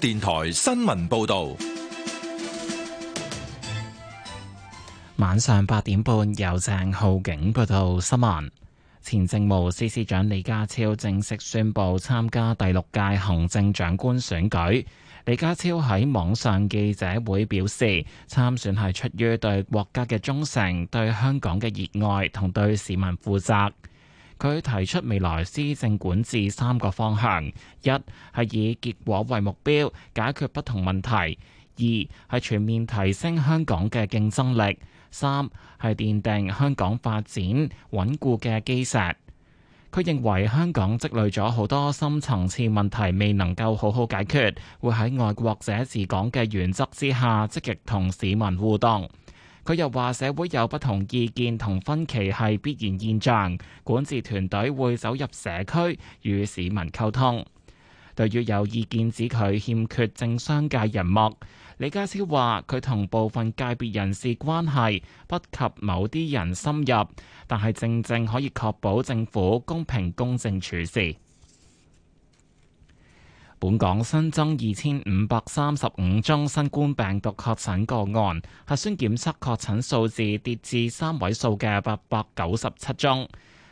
電台新聞報道，晚上八點半由鄭浩景報道新聞。前政務司司長李家超正式宣布參加第六屆行政長官選舉。李家超喺網上記者會表示，參選係出於對國家嘅忠誠、對香港嘅熱愛同對市民負責。佢提出未來施政管治三個方向：一係以結果為目標，解決不同問題，二係全面提升香港嘅競爭力；三係奠定香港發展穩固嘅基石。佢認為香港積累咗好多深層次問題未能夠好好解決，會喺愛國者治港嘅原則之下，積極同市民互動。佢又話：社會有不同意見同分歧係必然現象，管治團隊會走入社區與市民溝通。對於有意見指佢欠缺政商界人脈，李家超話：佢同部分界別人士關係不及某啲人深入，但係正正可以確保政府公平公正處事。本港新增二千五百三十五宗新冠病毒確診個案，核酸檢測確診數字跌至三位數嘅八百九十七宗，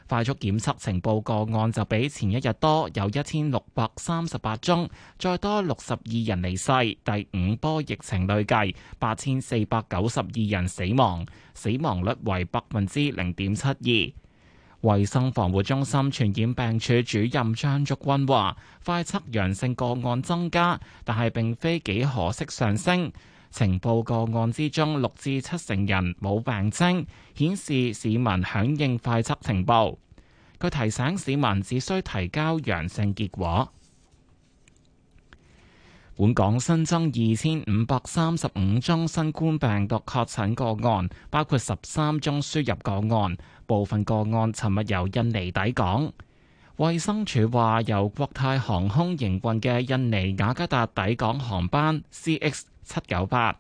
快速檢測呈報個案就比前一日多有一千六百三十八宗，再多六十二人離世，第五波疫情累計八千四百九十二人死亡，死亡率為百分之零點七二。衛生防護中心傳染病處主任張竹君話，快測陽性個案增加，但係並非幾何式上升。情報個案之中，六至七成人冇病徵，顯示市民響應快測情報。佢提醒市民只需提交陽性結果。本港新增二千五百三十五宗新冠病毒確診個案，包括十三宗輸入個案。部分個案尋日由印尼抵港，衛生署話由國泰航空營運嘅印尼雅加達抵港航班 CX 七九八，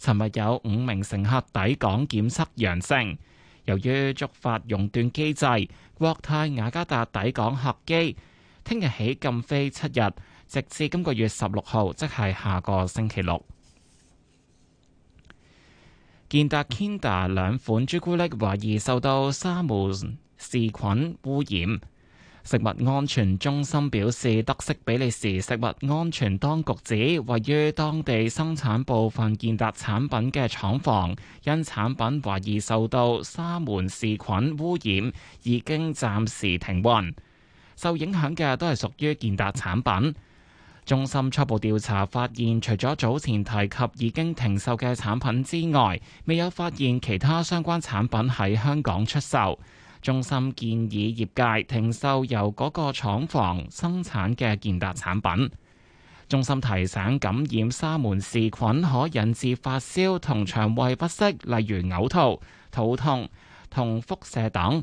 尋日有五名乘客抵港檢測陽性，由於觸發熔斷機制，國泰雅加達抵港客機聽日起禁飛七日，直至今個月十六號，即係下個星期六。健達 Kinder 兩款朱古力懷疑受到沙門氏菌污染，食物安全中心表示，德式比利時食物安全當局指，位於當地生產部分健達產品嘅廠房，因產品懷疑受到沙門氏菌污染，已經暫時停運。受影響嘅都係屬於健達產品。中心初步調查發現，除咗早前提及已經停售嘅產品之外，未有發現其他相關產品喺香港出售。中心建議業界停售由嗰個廠房生產嘅健達產品。中心提醒，感染沙門氏菌可引致發燒同腸胃不適，例如嘔吐、肚痛同腹瀉等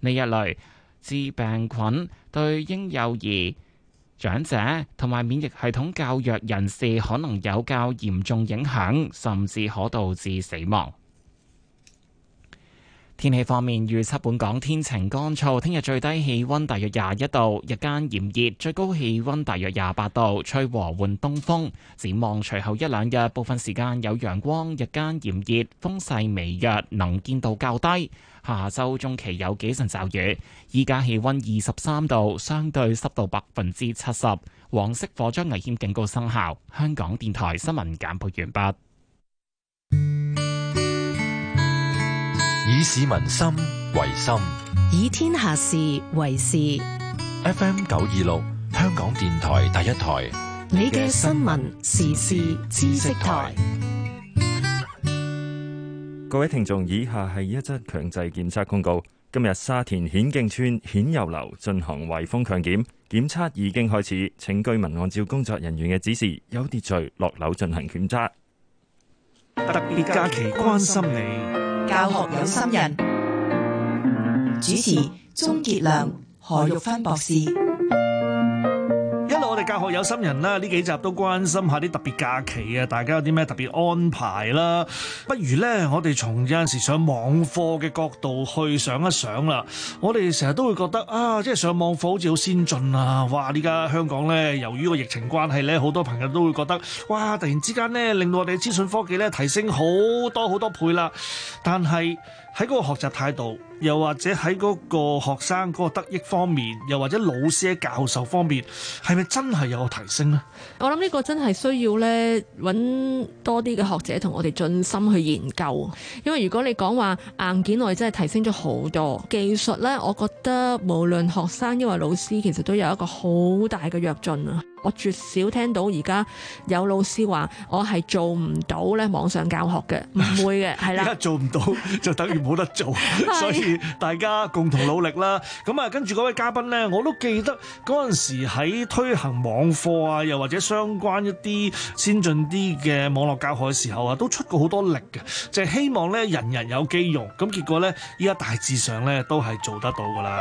呢一類致病菌對嬰幼兒，長者同埋免疫系統較弱人士可能有較嚴重影響，甚至可導致死亡。天氣方面，預測本港天晴乾燥，聽日最低氣温大約廿一度，日間炎熱，最高氣温大約廿八度，吹和緩東風。展望隨後一兩日，部分時間有陽光，日間炎熱，風勢微弱，能見度較低。下周中期有幾陣驟雨，依家氣温二十三度，相對濕度百分之七十，黃色火災危險警告生效。香港電台新聞簡報完畢。以市民心為心，以天下事為事。FM 九二六，香港電台第一台，你嘅新聞時事知識台。各位聽眾，以下係一則強制檢測公告。今日沙田顯徑村顯油樓進行圍風強檢，檢測已經開始，請居民按照工作人員嘅指示，有秩序落樓進行檢測。特別假期關心你，教學有心人，嗯、主持鍾杰良何玉芬博士。教學有心人啦，呢幾集都關心下啲特別假期啊，大家有啲咩特別安排啦？不如呢，我哋從有陣時上網課嘅角度去想一想啦。我哋成日都會覺得啊，即係上網課好似好先進啊！哇！呢家香港呢，由於個疫情關係呢，好多朋友都會覺得哇，突然之間呢，令到我哋資訊科技呢提升好多好多倍啦。但係，喺嗰個學習態度，又或者喺嗰個學生嗰個得益方面，又或者老師嘅教授方面，係咪真係有提升呢？我諗呢個真係需要咧揾多啲嘅學者同我哋盡心去研究。因為如果你講話硬件內真係提升咗好多技術咧，我覺得無論學生因為老師其實都有一個好大嘅躍進啊。我絕少聽到而家有老師話我係做唔到咧網上教學嘅，唔會嘅，係啦。而家 做唔到就等於冇得做， 所以大家共同努力啦。咁啊，跟住嗰位嘉賓咧，我都記得嗰陣時喺推行網課啊，又或者相關一啲先進啲嘅網絡教學嘅時候啊，都出過好多力嘅，就係希望咧人人有機用。咁結果咧，依家大致上咧都係做得到噶啦。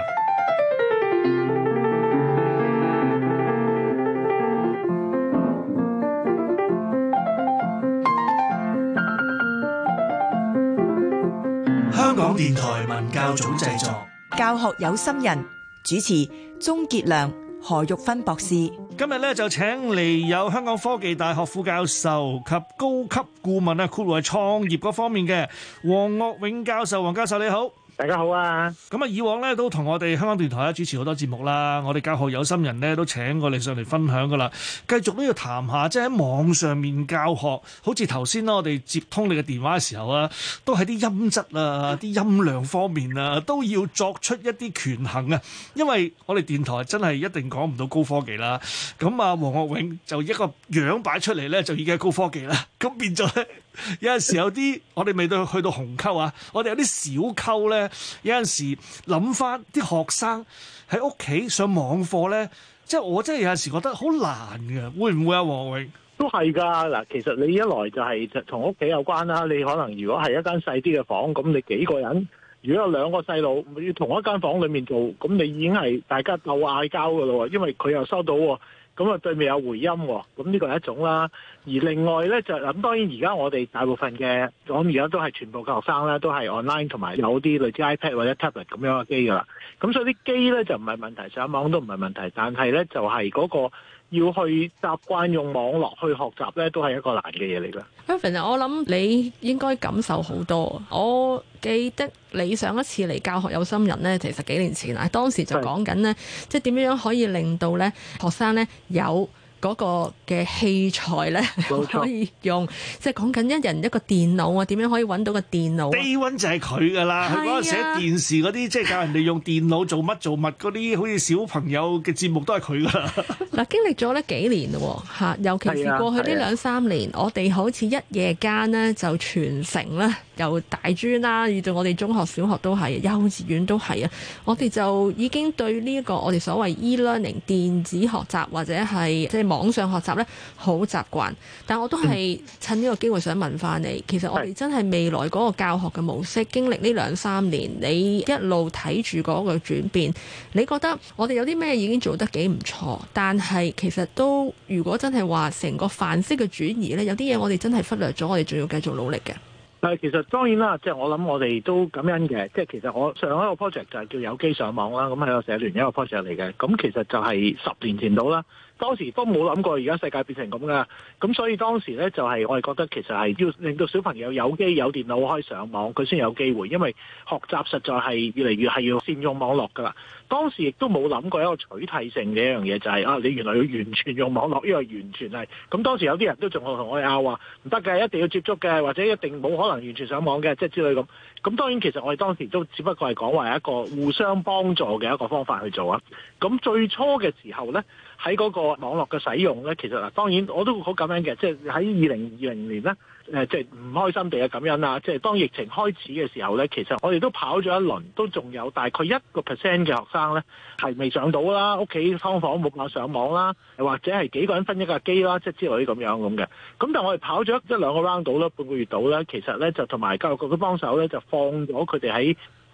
電台文教組製作，教學有心人主持鍾傑良、何玉芬博士。今日咧就請嚟有香港科技大學副教授及高級顧問啊，括為創業嗰方面嘅黃岳永教授。黃教授你好。大家好啊！咁啊，以往咧都同我哋香港電台啊主持好多節目啦。我哋教學有心人咧都請過你上嚟分享噶啦。繼續都要談下，即係喺網上面教學，好似頭先啦，我哋接通你嘅電話嘅時候啊，都喺啲音質啊、啲音量方面啊，都要作出一啲權衡啊。因為我哋電台真係一定講唔到高科技啦。咁啊，黃岳永就一個樣擺出嚟咧，就已經係高科技啦。咁變咗。 有陣時有啲，我哋未到去到紅溝啊，我哋有啲小溝咧。有陣時諗翻啲學生喺屋企上網課咧，即係我真係有陣時覺得好難嘅，會唔會啊？黃岳永？都係噶嗱，其實你一來就係就同屋企有關啦。你可能如果係一間細啲嘅房，咁你幾個人，如果有兩個細路要同一間房裏面做，咁你已經係大家鬥嗌交噶啦，因為佢又收到，咁啊對面有回音，咁呢個係一種啦。而另外咧就咁當然而家我哋大部分嘅，我諗而家都係全部嘅學生咧都係 online 同埋有啲類似 iPad 或者 tablet 咁樣嘅機噶啦，咁所以啲機咧就唔係問題，上網都唔係問題，但係咧就係、是、嗰個要去習慣用網絡去學習咧都係一個難嘅嘢嚟噶。Erwin 我諗你應該感受好多，我記得你上一次嚟教學有心人咧，其實幾年前啊，當時就講緊呢，是即係點樣可以令到咧學生咧有。嗰個嘅器材咧可以用，錯即係講緊一人一個電腦，啊，點樣可以揾到個電腦？Erwin，就係佢㗎啦，佢嗰陣寫電視嗰啲，即係 教人哋用電腦做乜做乜嗰啲，好似小朋友嘅節目都係佢㗎啦。嗱， 經歷咗咧幾年喎，尤其是過去呢兩三年，啊啊、我哋好似一夜間呢，就全城啦，由大專啦，遇到我哋中學、小學都係，幼稚園都係啊，我哋就已經對呢、這、一個我哋所謂 e-learning 電子學習或者係即係網上學習呢，好習慣，但我都係趁呢個機會想問翻你。嗯、其實我哋真係未來嗰個教學嘅模式，是經歷呢兩三年，你一路睇住嗰個轉變，你覺得我哋有啲咩已經做得幾唔錯？但係其實都如果真係話成個範式嘅轉移呢，有啲嘢我哋真係忽略咗，我哋仲要繼續努力嘅。但係，其實當然啦，即係我諗我哋都感恩嘅。即係其實我上一個 project 就係叫有機上網啦，咁係個社聯一個 project 嚟嘅。咁其實就係十年前到啦。當時都冇諗過而家世界變成咁噶，咁所以當時呢，就係我哋覺得其實係要令到小朋友有機有電腦可以上網，佢先有機會，因為學習實在係越嚟越係要善用網絡噶啦。當時亦都冇諗過一個取替性嘅一樣嘢，就是，就係啊，你原來要完全用網絡，呢個完全係咁。那當時有啲人都仲去同我哋拗話唔得嘅，一定要接觸嘅，或者一定冇可能完全上網嘅，即係之類咁。咁當然其實我哋當時都只不過係講話一個互相幫助嘅一個方法去做啊。咁最初嘅時候呢，喺嗰個網絡嘅使用呢，其實當然我都好感恩嘅，即係喺二零二零年呢。誒，即係唔開心地啊，咁樣啦，即係當疫情開始嘅時候呢，其實我哋都跑咗一輪，都仲有大概一個 percent 嘅學生呢係未上到啦，屋企方房冇辦法上網啦，或者係幾個人分一架機啦，即係之類咁樣咁嘅。咁但係我哋跑咗一兩個 round 到啦，半個月到啦，其實呢就同埋教育局嘅幫手呢，就放咗佢哋喺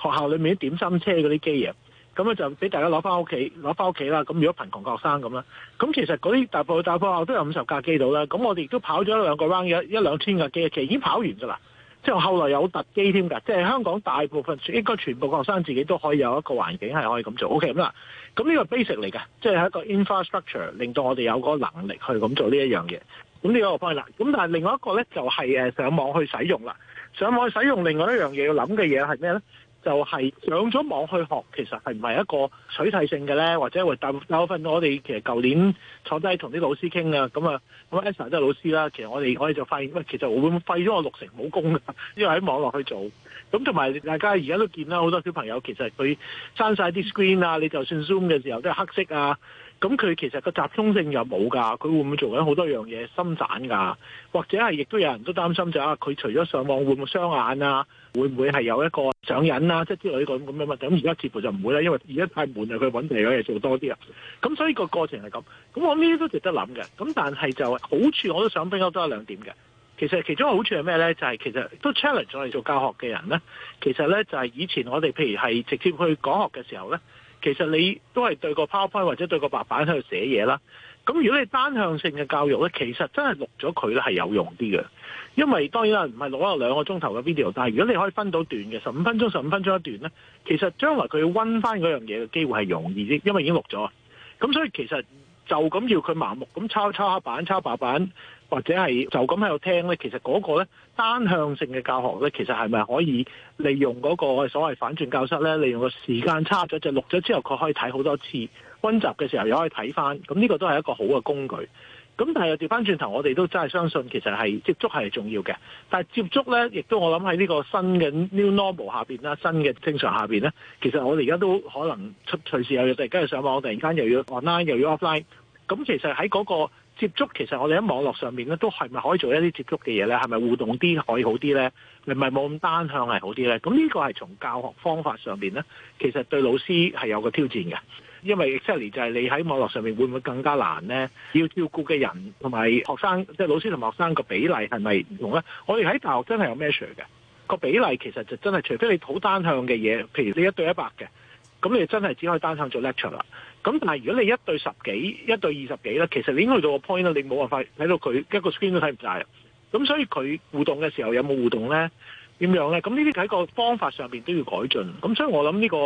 學校裏面啲點心車嗰啲機咁就俾大家攞翻屋企，攞翻屋企啦。咁如果貧窮學生咁啦，咁其實嗰啲大部分大部分都有五十架機到啦。咁我哋亦都跑咗兩個 round，一兩千架機，其實已經跑完咗啦。即係後來有特機添㗎，即係香港大部分應該全部學生自己都可以有一個環境係可以咁做。O K，咁啦。咁呢個 basic 嚟㗎，即係一個 infrastructure 令到我哋有個能力去咁做呢一樣嘢。咁呢個個方面啦。咁但係另外一個咧就係誒上網去使用啦。上網去使用另外一樣嘢要諗嘅嘢係咩咧？就係上咗網去學，其實係唔係一個取替性嘅咧？或者或大大部分我哋其實舊年坐低同啲老師傾啊，咁啊咁啊 Elsa 都係老師啦。其實我哋我哋就發現，喂，其實我會，會廢咗我六成武功啊，因為喺網絡去做。咁同埋大家而家都見啦，好多小朋友其實佢刪晒啲 screen 啊，你就算 Zoom 嘅時候都係黑色啊。咁佢其實個集中性又冇㗎，佢會唔會做緊好多樣嘢心散㗎？或者係亦都有人都擔心就是、啊，佢除咗上網會唔會傷眼啊？會唔會係有一個上癮啊即係、就是、之類咁咁嘅問題？咁而家似乎就唔會啦，因為而家太悶啦，佢搵其他嘢做多啲啦。咁所以個過程係咁。咁我呢啲都值得諗嘅。咁但係就好處我都想分享多一兩點嘅。其實其中好處係咩呢？就係、是、其實都 challenge 咗我哋做教學嘅人呢。其實呢，就係以前我哋譬如係直接去講學嘅時候呢。其實你都係對個 powerpoint 或者對個白板喺度寫嘢啦。咁如果你單向性嘅教育呢，其實真係錄咗佢呢係有用啲嘅，因為當然啦唔係攞咗兩個鐘頭嘅 video，但係如果你可以分到段嘅十五分鐘、十五分鐘一段呢，其實將來佢要温翻嗰樣嘢嘅機會係容易啲，因為已經錄咗。咁所以其實就咁要佢盲目咁抄抄黑板、抄白板。或者係就咁喺度聽呢，其實嗰個咧單向性嘅教學呢，其實係咪可以利用嗰個所謂反轉教室呢？利用個時間差咗，就錄咗之後，佢可以睇好多次，温習嘅時候又可以睇翻，咁呢個都係一個好嘅工具。咁但係掉翻轉頭，我哋都真係相信其實係接觸係重要嘅。但係接觸呢，亦都我諗喺呢個新嘅 new normal 下面啦，新嘅正常下面呢。其實我哋而家都可能隨時有日，跟住上網，突然間又要 online 又要 offline，咁其實喺嗰個。接觸其實我哋喺網絡上面咧，都係咪可以做一啲接觸嘅嘢咧？係咪互動啲可以好啲咧？係咪冇咁單向係好啲咧？咁呢個係從教學方法上面咧，其實對老師係有個挑戰嘅，因為 exactly 就係你喺網絡上面會唔會更加難咧？要照顧嘅人同埋學生，即係老師同學生個比例係咪唔同咧？我哋喺大學真係有 measure 嘅個比例，其實就真係除非你好單向嘅嘢，譬如你一對一百嘅，咁你真係只可以單向做 lecture 啦。咁但係如果你一對十幾一對二十幾咧，其實你已經去到個 point 啦，你冇辦法睇到佢一個 screen 都睇唔晒。咁所以佢互動嘅時候有冇互動呢？點樣呢？咁呢啲喺個方法上面都要改進。咁所以我諗呢個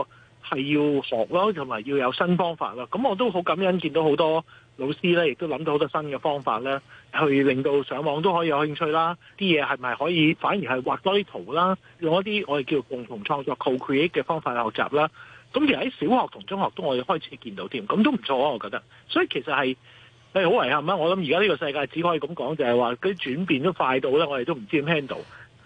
係要學咯，同埋要有新方法咯。咁我都好感恩見到好多老師呢，亦都諗到好多新嘅方法呢，去令到上網都可以有興趣啦。啲嘢係咪可以反而係畫多啲圖啦？用一啲我哋叫共同創作 co-create 嘅方法嚟學習啦。咁其實喺小學同中學都我哋開始見到添，咁都唔錯啊，我覺得。所以其實係係好遺憾啊！我諗而家呢個世界只可以咁講，就係話啲轉變都快到啦，我哋都唔知點 handle。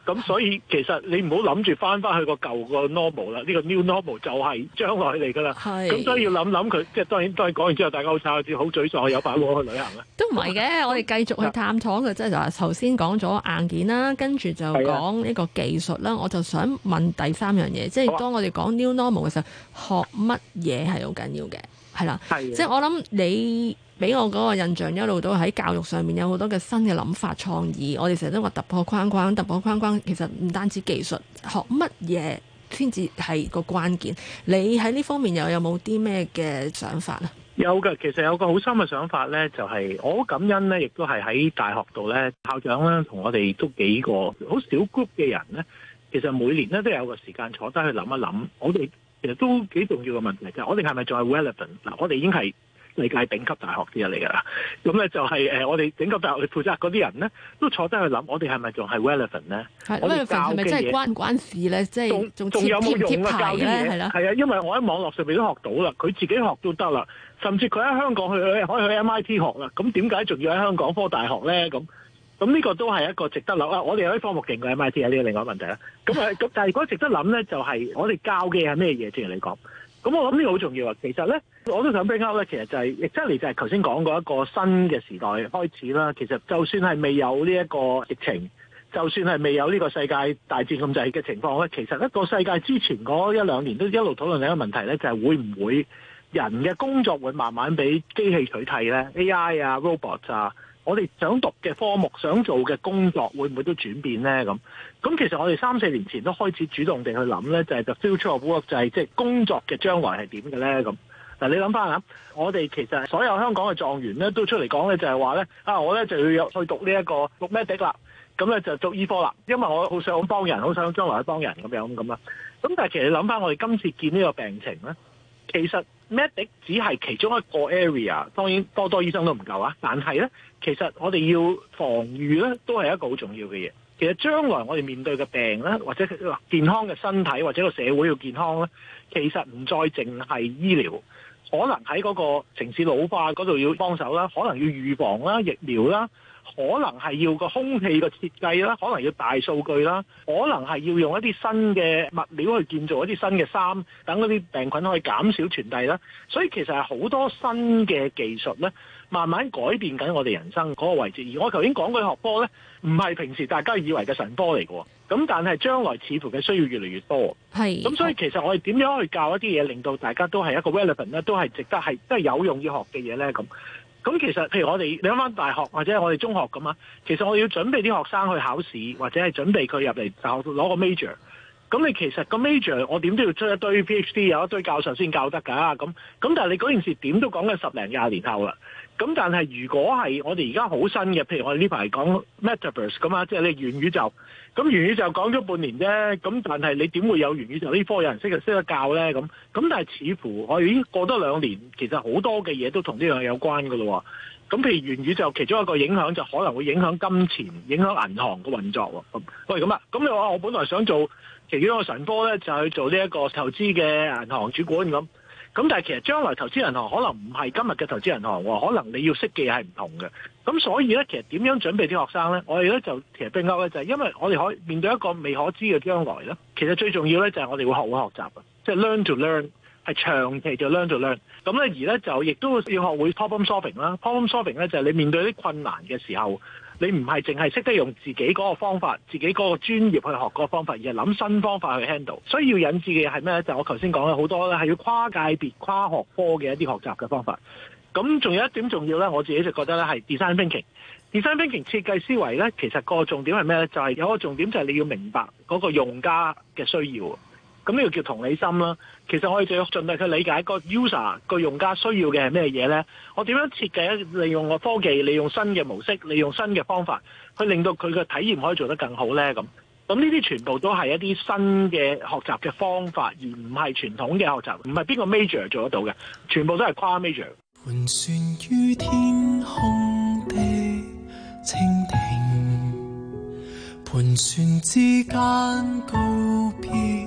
咁所以其實你唔好諗住翻翻去個舊個 normal 啦，呢、呢個 new normal 就係將來嚟噶啦。咁是所以要諗諗佢，即係當然當然講完之後，大家夠好似好沮喪，有把握去旅行啦都唔係嘅， 我哋繼續去探討嘅係 就係頭先講咗硬件啦，跟住就講呢個技術啦。啊、我就想問第三樣嘢，啊、即係當我哋講 new normal 嘅時候，學乜嘢係好緊要嘅？係啦，即係我諗你俾我嗰個印象一路都喺教育上面有好多嘅新嘅諗法創意。我哋成日都話突破框框，突破框框其實唔單止技術，學乜嘢先至係個關鍵。你喺呢方面又有冇啲咩嘅想法啊？有㗎，其實有個好深嘅想法咧、就係，就係我好感恩咧，亦都係喺大學度咧，校長咧同我哋都幾個好少 group 嘅人咧，其實每年咧都有個時間坐低去諗一諗，我哋。其實都幾重要嘅問題啫，就係、我哋係咪仲係 relevant？嗱，我哋已經係世界頂級大學嘅嚟噶啦，咁咧就係誒，我哋頂級大學負責嗰啲人咧，都坐低去諗，的我哋係咪仲係 relevant 咧？我哋教嘅嘢關唔關事咧？即係仲仲有冇用教嘅嘢？係啦，係啊，因為我喺網絡上面都學到啦，佢自己學都得啦，甚至佢喺香港去去可以去 MIT 學啦，咁點解仲要喺香港科大學咧？咁？咁呢個都係一個值得諗啊！我哋有啲科目勁過，MIT 啊，呢個另外一個問題啦。咁啊，咁但係如果值得諗咧，就係、是、我哋交嘅係咩嘢？正如你講，咁我諗呢個好重要啊。其實咧，我都想 u 啱咧。其實就係亦即係，你就係頭先講過一個新嘅時代開始啦。其實就算係未有呢一個疫情，就算係未有呢個世界大戰咁滯嘅情況咧，其實一個世界之前嗰一兩年都一路討論緊一個問題咧，就係、是、會唔會人嘅工作會慢慢俾機器取代咧？AI 啊，robot 啊。我哋想讀嘅科目、想做嘅工作，會唔會都轉變呢？咁咁其實我哋三四年前都開始主動地去諗呢就係、是、就 future of work，就係即係工作嘅將來係點嘅呢？咁嗱，你諗翻下，我哋其實所有香港嘅狀元呢都出嚟講呢就係話呢，啊，我呢就要去讀呢、這、一個讀咩的啦，咁呢就讀醫科啦，因為我好想幫人，好想將來去幫人咁樣咁啊。咁但係其實你諗翻我哋今次見呢個病情呢，其實。Medic 只係其中一個 area，當然多多醫生都唔夠啊。但係呢，其實我哋要防禦呢，都係一個好重要嘅嘢。其實將來我哋面對嘅病咧，或者健康嘅身體，或者個社會要健康呢，其實唔再淨係醫療，可能喺嗰個城市老化嗰度要幫手啦，可能要預防啦、疫苗啦。可能係要個空氣個設計啦，可能要大數據啦，可能係要用一啲新嘅物料去建造一啲新嘅衫，等嗰啲病菌可以減少傳遞啦。所以其實係好多新嘅技術咧，慢慢改變緊我哋人生嗰個位置。而我頭先講佢學波學科咧，唔係平時大家以為嘅神科嚟喎，咁但係將來似乎嘅需要越嚟越多。係咁是，所以其實我哋點樣去教一啲嘢，令到大家都係一個 relevant 咧，都係值得係即係有用要學嘅嘢咧咁。咁其實，譬如我哋你諗返大學或者我哋中學咁啊，其實我要準備啲學生去考試，或者係準備佢入嚟大學攞個 major。咁你其實個 major，我點都要出一堆 PhD，有一堆教授先教得噶、啊。咁咁，但係你嗰件事點都講緊十零廿年後啦。咁但係如果係我哋而家好新嘅，譬如我哋呢排講 Metaverse 咁啊，即係你元宇宙咁元宇宙講咗半年啫。咁但係你點會有元宇宙呢科有人識又識得教咧？咁咁但係似乎我已經過多兩年，其實好多嘅嘢都同呢樣有關噶咯。咁譬如元宇宙其中一個影響就可能會影響金錢、影響銀行嘅運作。咁喂，咁啊，咁你話我本來想做其中一個神科咧，就去做呢一個投資嘅銀行主管咁。咁但係其實將來投資銀行可能唔係今日嘅投資銀行喎，可能你要識嘅係唔同嘅。咁所以呢，其實點樣準備啲學生呢？我哋呢就其實被歐呢就係、是、因為我哋可以面對一個未可知嘅將來呢。其實最重要呢，就係、是、我哋會學會學習即係、就是、learn to learn。係長期就 learn 就 learn 咁咧，而咧就亦都要學會 problem solving 啦。problem solving 咧就係你面對啲困難嘅時候，你唔係淨係識得用自己嗰個方法、自己嗰個專業去學嗰個方法，而係諗新方法去 handle。所以要引致嘅係咩咧？就係、我頭先講嘅好多咧，係要跨界別跨學科嘅一啲學習嘅方法。咁仲有一點重要咧，我自己就覺得咧係 design thinking。design thinking 設計思維咧，其實個重點係咩咧？就係、係、有一個重點就係你要明白嗰個用家嘅需要。咁呢個叫同理心啦。其實我哋要盡力去理解個 user 個用家需要嘅係咩嘢呢？我點樣設計？利用我科技，利用新嘅模式，利用新嘅方法，去令到佢嘅體驗可以做得更好呢？咁咁呢啲全部都係一啲新嘅學習嘅方法，而唔係傳統嘅學習，唔係邊個 major 做得到嘅？全部都係跨 major。盤旋於天空的蜻蜓，盤旋之間高飄。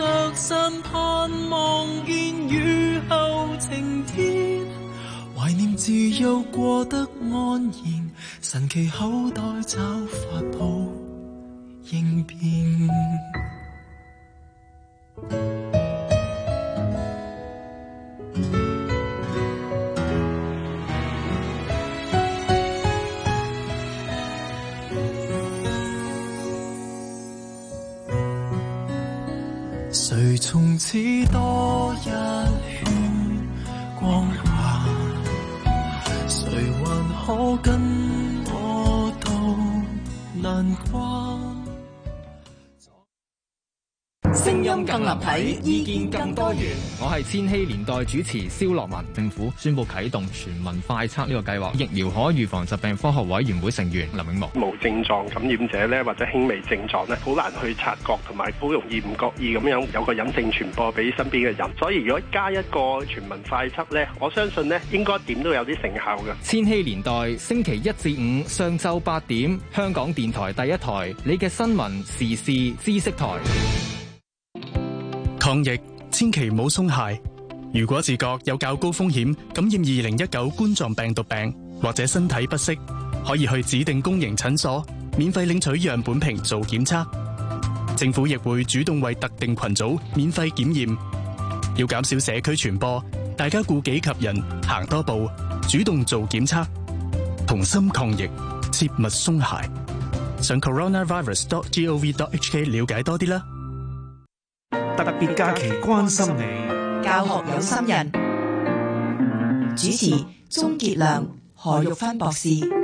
著身盼望見雨後晴天，懷念自幼過得安然，神奇口袋找法寶應變。誰從此多一圈光環？誰還可跟我渡難關？更立體，意見更多元。我係千禧年代主持蕭樂文。政府宣布啟動全民快測呢個計劃，疫苗可預防疾病科學委員會成員林永樂。無症狀感染者呢，或者輕微症狀呢，好難去察覺，同埋好容易唔覺意咁樣有個隱性傳播俾身邊嘅人。所以如果加一個全民快測呢，我相信呢應該點都有啲成效嘅。千禧年代星期一至五上晝八點，香港電台第一台，你嘅新聞時事知識台。抗疫千祈唔好鬆懈。如果自覺有較高風險感染2019冠狀病毒病，或者身體不適，可以去指定公營診所免費領取樣本瓶做檢測。政府亦會主動為特定群組免費檢驗。要減少社區傳播，大家顧己及人，行多步，主動做檢測，同心抗疫，切勿鬆懈。上 coronavirus.gov.hk 了解多啲啦。特別假期關心你，教學有心人，主持鍾傑良、何玉芬博士。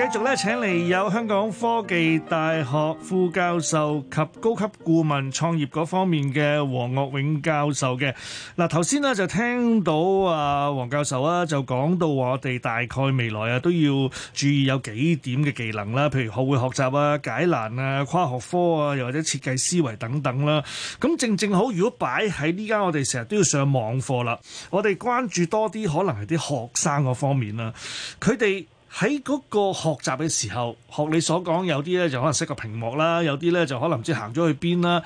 繼續咧，請嚟有香港科技大學副教授及高級顧問創業嗰方面嘅黃岳永教授嘅。嗱，頭先呢就聽到啊，黃教授啊就講到，我哋大概未來啊都要注意有幾點嘅技能啦，譬如學會學習啊、解難啊、跨學科啊，又或者設計思維等等啦。咁正正好，如果擺喺呢間，我哋成日都要上網課啦，我哋關注多啲，可能係啲學生嗰方面啦，佢哋。喺嗰個學習嘅時候，學你所講，有啲咧就可能識個屏幕啦，有啲咧就可能唔知行咗去邊啦。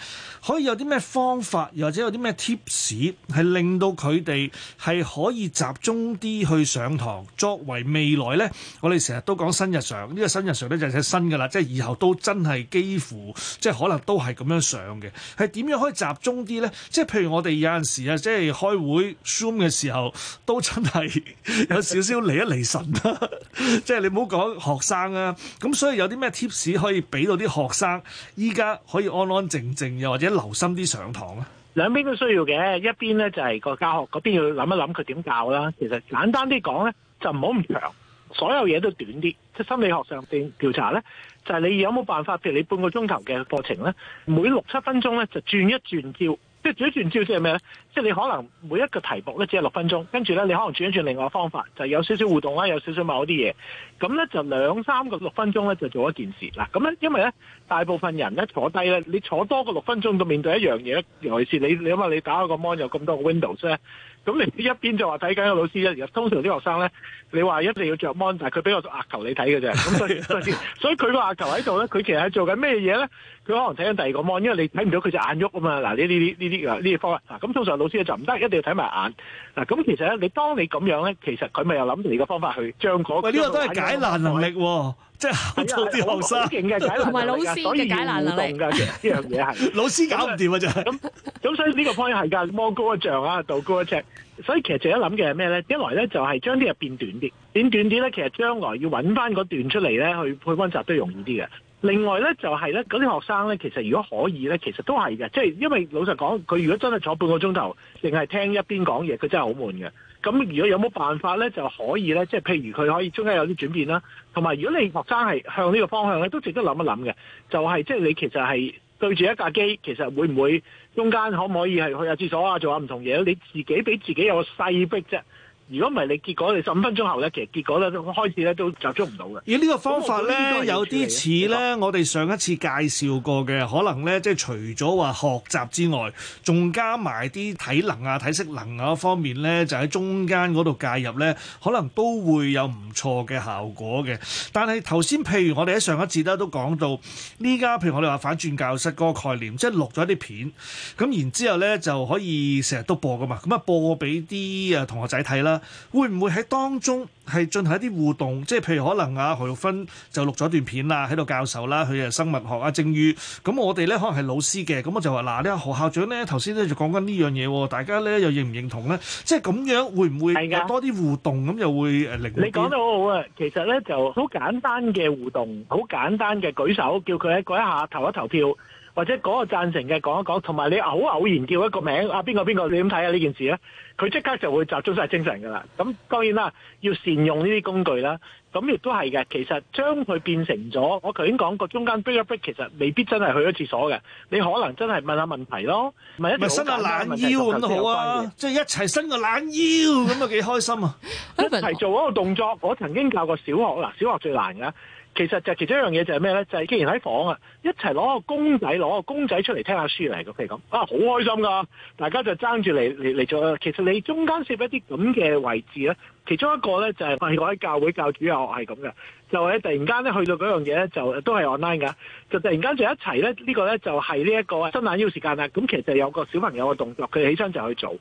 可以有啲咩方法，或者有啲咩貼士，係令到佢哋係可以集中啲去上堂？作為未來咧，我哋成日都講新日常，呢個新日常咧就係新㗎啦，即係以後都真係幾乎，即係可能都係咁樣上嘅。係點樣可以集中啲咧？即係譬如我哋有陣時啊，即係開會 Zoom 嘅時候，都真係有少少離一離神啦。 即係你唔好講學生啊，咁所以有啲咩 tips 可以俾到啲學生，依家可以安安靜靜又或者留心啲上堂啊。兩邊都需要嘅，一邊咧就係個教學嗰邊要諗一諗佢點教啦。其實簡單啲講咧，就唔好咁長，所有嘢都短啲。即係心理學上邊調查咧，就係你有冇辦法，譬如你半個鐘頭嘅課程咧，每六七分鐘咧就轉一轉焦。即係轉轉轉，招即係咩咧？即係你可能每一個題目咧，只係六分鐘，跟住咧，你可能轉一轉另外一個方法，就是、有少少互動啦，有少少某啲嘢。咁咧就兩三個六分鐘咧，就做一件事啦。咁咧，因為咧，大部分人呢，坐低咧，你坐多個六分鐘都面對一樣嘢，尤其是你你諗下，你，諗下你打開個 mon 有咁多個 Windows 咧。咁你呢一邊就話睇緊個老師，通常啲學生咧，你話一定要着 mon，但係佢俾個額球你睇嘅啫。咁所以， 所以佢個額球喺度咧，佢其實係做緊咩嘢咧？佢可能睇緊第二個 mon，因為你睇唔到佢隻眼喐啊嘛。嗱，呢啲呢啲呢啲呢啲方法，嗱、啊，咁通常老師就唔得，一定要睇埋眼。嗱、啊，咁其實咧，你當你咁樣咧，其實佢咪又諗住你個方法去將嗰、那個。喂，呢、這個都係解難能力喎、啊。即係做啲學生，同埋老師所以，解難互動㗎，其實呢樣嘢係老師搞唔掂啊！就係咁，咁所以呢個 point 係㗎，魔高一丈啊，道高一尺，所以其實值得諗嘅係咩咧？一來咧就係將啲嘢變短啲，變短啲咧，其實將來要揾翻嗰段出嚟咧，去去温習都容易啲嘅。另外咧就係咧，嗰啲學生咧，其實如果可以咧，其實都係嘅，即係因為老實講，佢如果真係坐半個鐘頭，淨係聽一邊講嘢，佢真係好悶嘅。咁如果有冇辦法咧，就可以咧，即係譬如佢可以中間有啲轉變啦。同埋，如果你學生係向呢個方向咧，都值得諗一諗嘅。就係即係你其實係對住一架機，其實會唔會中間可唔可以係去下廁所啊，做下唔同嘢？你自己俾自己有個勢逼啫。如果唔係你結果，你十五分鐘後咧，其實結果咧都開始咧都集中唔到嘅。咦？呢個方法咧有啲似咧，吧我哋上一次介紹過嘅，可能咧即係除咗話學習之外，仲加埋啲體能啊、體適能啊方面咧，就喺中間嗰度介入咧，可能都會有唔錯嘅效果嘅。但係頭先，譬如我哋喺上一次咧都講到，呢家譬如我哋話反轉教室個概念，即係錄咗啲片，咁然之後咧就可以成日都播噶嘛。咁啊，播俾啲誒同學仔睇啦。會唔會喺當中係進行一啲互動？即係譬如可能啊，何玉芬就錄咗段片啦，喺度教授啦，佢係生物學啊，正宇。咁我哋咧可能係老師嘅，咁我就話嗱，呢、啊、何校長咧，頭先咧就講緊呢樣嘢，大家咧又認唔認同咧？即係咁樣會唔會有多啲互動？咁又的會誒令你講得好好啊！其實咧就好簡單嘅互動，好簡單嘅舉手，叫佢喺嗰一下投一投票。或者嗰個贊成嘅講一講，同埋你偶偶然叫一個名啊邊個邊個，你點睇下呢件事咧？佢即刻就會集中曬精神㗎啦。咁當然啦，要善用呢啲工具啦。咁亦都係嘅。其實將佢變成咗，我頭先講過中間 break up break，其實未必真係去咗廁所嘅。你可能真係問下問題咯，咪一齊伸下懶腰咁都好啊。即係一齊伸個懶腰咁啊幾開心啊！一齊做嗰個動作，我曾經教過小學啦，小學最難㗎。其實就其中一樣嘢就係咩咧？就係、是、既然喺房啊，一齊攞個公仔，攞個公仔出嚟聽下書嚟咁，譬如咁啊，好開心噶！大家就爭住嚟嚟嚟做。其實你中間攝一啲咁嘅位置咧，其中一個咧就係、是、我係喺教會教主啊，係咁嘅，就話突然間咧去到嗰樣嘢咧，就都係 online 噶，就突然間呢呢就，是就然間一齊咧，這個、呢、就是、個咧就係呢一個伸懶腰時間啦。咁其實有個小朋友嘅動作，佢起身就去做。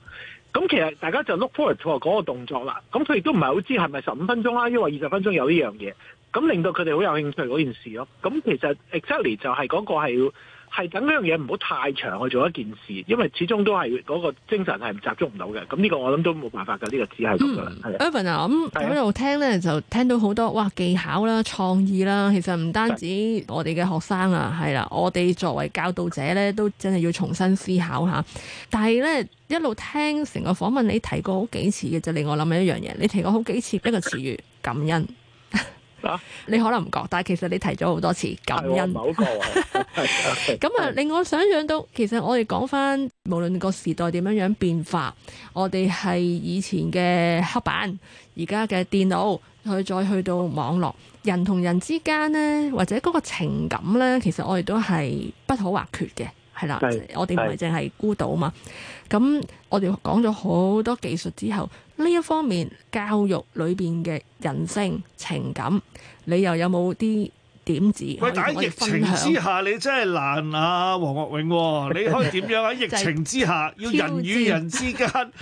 咁其實大家就 look forward to 嗰個動作啦。咁佢亦都唔係好知係咪十五分鐘啦，因為二十分鐘有呢樣嘢。咁令到佢哋好有興趣嗰件事咯。咁其實 exactly 就係嗰個係要係等嗰樣嘢唔好太長去做一件事，因為始終都係嗰個精神係集中唔到嘅。咁呢個我諗都冇辦法㗎，呢個只係咁噶啦。Evan 啊，咁一路聽咧就聽到好多哇技巧啦、創意啦。其實唔單止我哋嘅學生啊，係啦，我哋作為教導者咧都真係要重新思考下。但係咧一路聽成個訪問你，你提過好幾次嘅就令我諗起一樣嘢，你提過好幾次一個詞語感恩。你可能唔覺，但係其實你提咗好多次感恩。咁 啊，令我想象到，其實我哋講翻，無論個時代點樣樣變化，我哋係以前嘅黑板，而家嘅電腦，去再去到網絡，人同人之間呢，或者嗰個情感呢，其實我哋都係不可或缺嘅。係啦，是是的我哋唔係淨係孤島嘛。咁的我哋講咗好多技術之後，呢一方面教育裏邊嘅人性情感，你又有冇啲點子？喂，喺疫情之下，你真係難啊，黃岳永啊。你可以點樣喺疫情之下， 挑要人與人之間？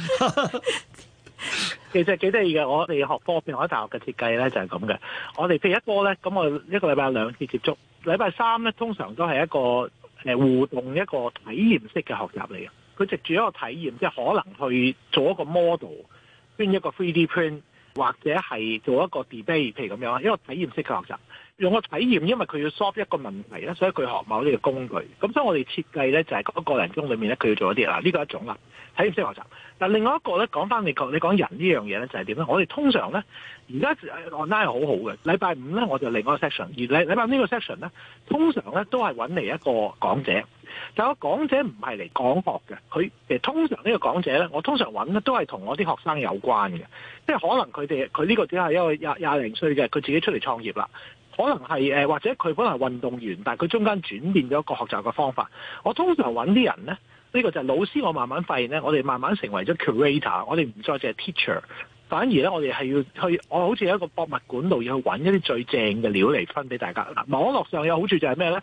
其實幾得意嘅，我哋學科，我海大學嘅設計咧就係咁嘅。我哋譬如一波咧，咁我一個禮拜兩次接觸，禮拜三咧通常都係一個。誒互動一個體驗式嘅學習嚟嘅，佢藉住一個體驗，即係可能去做一個 model，跟一個 three D print，或者係做一個 debate，譬如咁樣一個體驗式嘅學習。用個體驗，因為佢要 solve 一個問題咧，所以佢學某呢個工具。咁所以我哋設計咧就係、是、個個人工裏面咧，佢要做一啲啦。呢、這個一種啦，體驗式學習。嗱，另外一個咧講翻你，你講你講人呢樣嘢咧，就係點咧？我哋通常咧，而家 online 好好嘅。禮拜五咧，我就另外一個 section 而禮禮拜呢個 section 咧，通常咧都係揾嚟一個講者，就個講講者唔係嚟講學嘅。佢通常呢個講者咧，我通常揾咧都係同我啲學生有關嘅，即係可能佢哋佢呢個只係一個廿廿零歲嘅佢自己出嚟創業啦。可能係誒，或者佢可能係運動員，但係佢中間轉變咗個學習嘅方法。我通常揾啲人呢，呢個就係老師。我慢慢發現呢，我哋慢慢成為咗 curator，我哋唔再淨係 teacher，反而呢，我哋係要去，我好似喺一個博物館度要去揾一啲最正嘅料嚟分俾大家。網絡上有好處就係咩呢？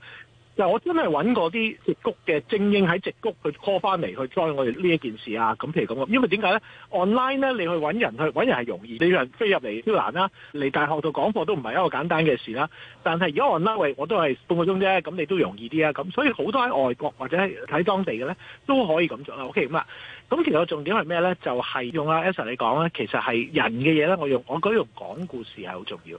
就我真係揾過啲植谷嘅精英喺植谷去 call 翻嚟去 join 我哋呢一件事啊，咁譬如咁，因為點解呢 o n l i n e 呢，你去揾人去揾人係容易，你要人飛入嚟飄難啦，嚟大學度講課都唔係一個簡單嘅事啦、啊。但係如果 online，喂，我都係半個鐘啫，咁你都容易啲啊。咁所以好多喺外國或者喺當地嘅呢，都可以咁做啦、啊。OK 咁啦。咁其實個重點係咩呢？就係、是、用阿 a s h e 嚟講咧，其實係人嘅嘢呢，我用我覺得用講故事係好重要。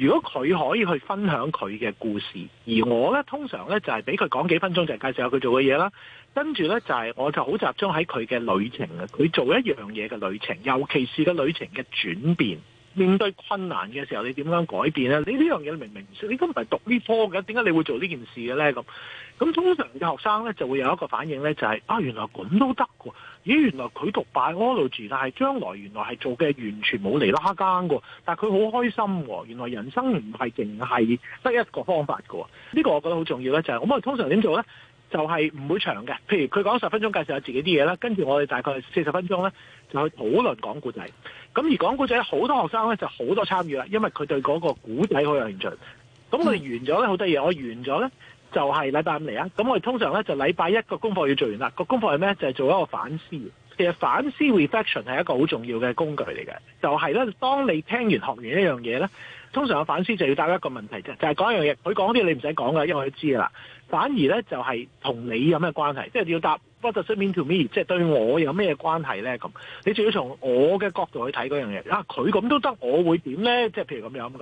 如果佢可以去分享佢嘅故事，而我呢，通常呢就係俾佢講幾分鐘就介紹下佢做嘅嘢啦，跟住呢，就係我就好集中喺佢嘅旅程啊，佢做一樣嘢嘅旅程，尤其是個旅程嘅轉變，面對困難嘅時候你點樣改變呢？你呢樣嘢你明明唔識你都唔係讀呢科嘅，點解你會做呢件事嘅呢？咁咁通常嘅學生呢，就會有一個反應呢，就係啊，原來咁都得喎。咦，原來佢讀 biology 住，但係將來原來係做嘅完全冇嚟拉更嘅，但係佢好開心。原來人生唔係淨係得一個方法嘅。呢個我覺得好重要咧，就係我哋通常點做咧？就係唔會長嘅。譬如佢講十分鐘介紹下自己啲嘢啦，跟住我哋大概四十分鐘咧，就去討論講故仔。咁而講故仔好多學生咧就好多參與啦，因為佢對嗰個故仔好有興趣。咁我哋完咗咧，好得意！我完咗咧。就係禮拜五嚟啊！咁我哋通常咧就禮拜一個功課要做完啦。個功課係咩？就係做一個反思。其實反思 （reflection） 係一個好重要嘅工具嚟嘅。就係咧，當你聽完學完一樣嘢咧，通常嘅反思就要答一個問題啫。就係講一樣嘢，佢講啲你唔使講噶，因為佢知噶啦。反而咧就係同你有咩關係？即係要答 What does it mean to me？即係對我有咩關係咧？咁你就要從我嘅角度去睇嗰樣嘢。啊，佢咁都得，我會點咧？即係譬如咁樣咁。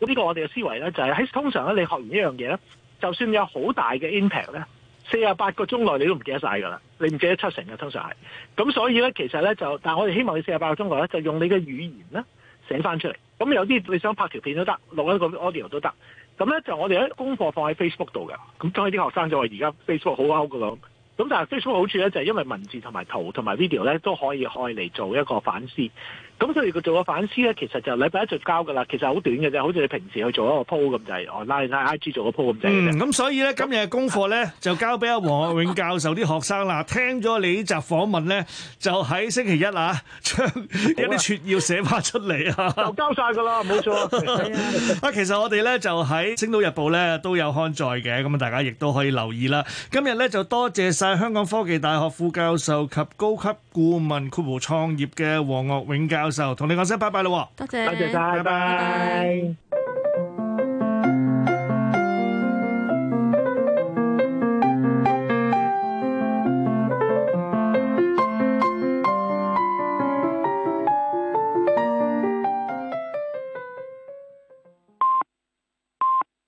咁呢個我哋嘅思維咧，就係喺通常咧，你學完呢樣嘢咧。就算有好大嘅 impact 咧，四十八個鐘內你都唔記得晒㗎啦，你唔記得七成嘅通常係，咁所以咧其實咧就，但係我哋希望你四十八個鐘內咧就用你嘅語言咧寫翻出嚟，咁有啲你想拍條片都得，錄一個 audio 都得，咁咧就我哋喺功課放喺 Facebook 度嘅，咁一啲學生就話而家 Facebook 好 out 㗎，咁但係 Facebook 好處咧就係因為文字同埋圖同埋 video 咧都可以開嚟做一個反思。咁所以佢做個反思咧，其實就禮拜一就交噶啦，其實好短嘅啫，好似你平時去做一個 po 咁就係，line、line、IG 做個 po 咁啫。嗯，咁所以咧今日嘅功課咧就交俾阿黃岳永教授啲學生啦。聽咗你呢集訪問咧，就喺星期一啊，將一啲撮要寫翻出嚟。就交曬㗎啦，冇錯。啊，其實我哋咧就喺《星島日報》咧都有刊載嘅，咁啊大家亦都可以留意啦。今日咧就多謝曬香港科技大學副教授及高級顧問、括弧創業嘅黃岳永教。同你講聲拜拜咯！多謝，多謝晒，拜拜。拜拜拜拜。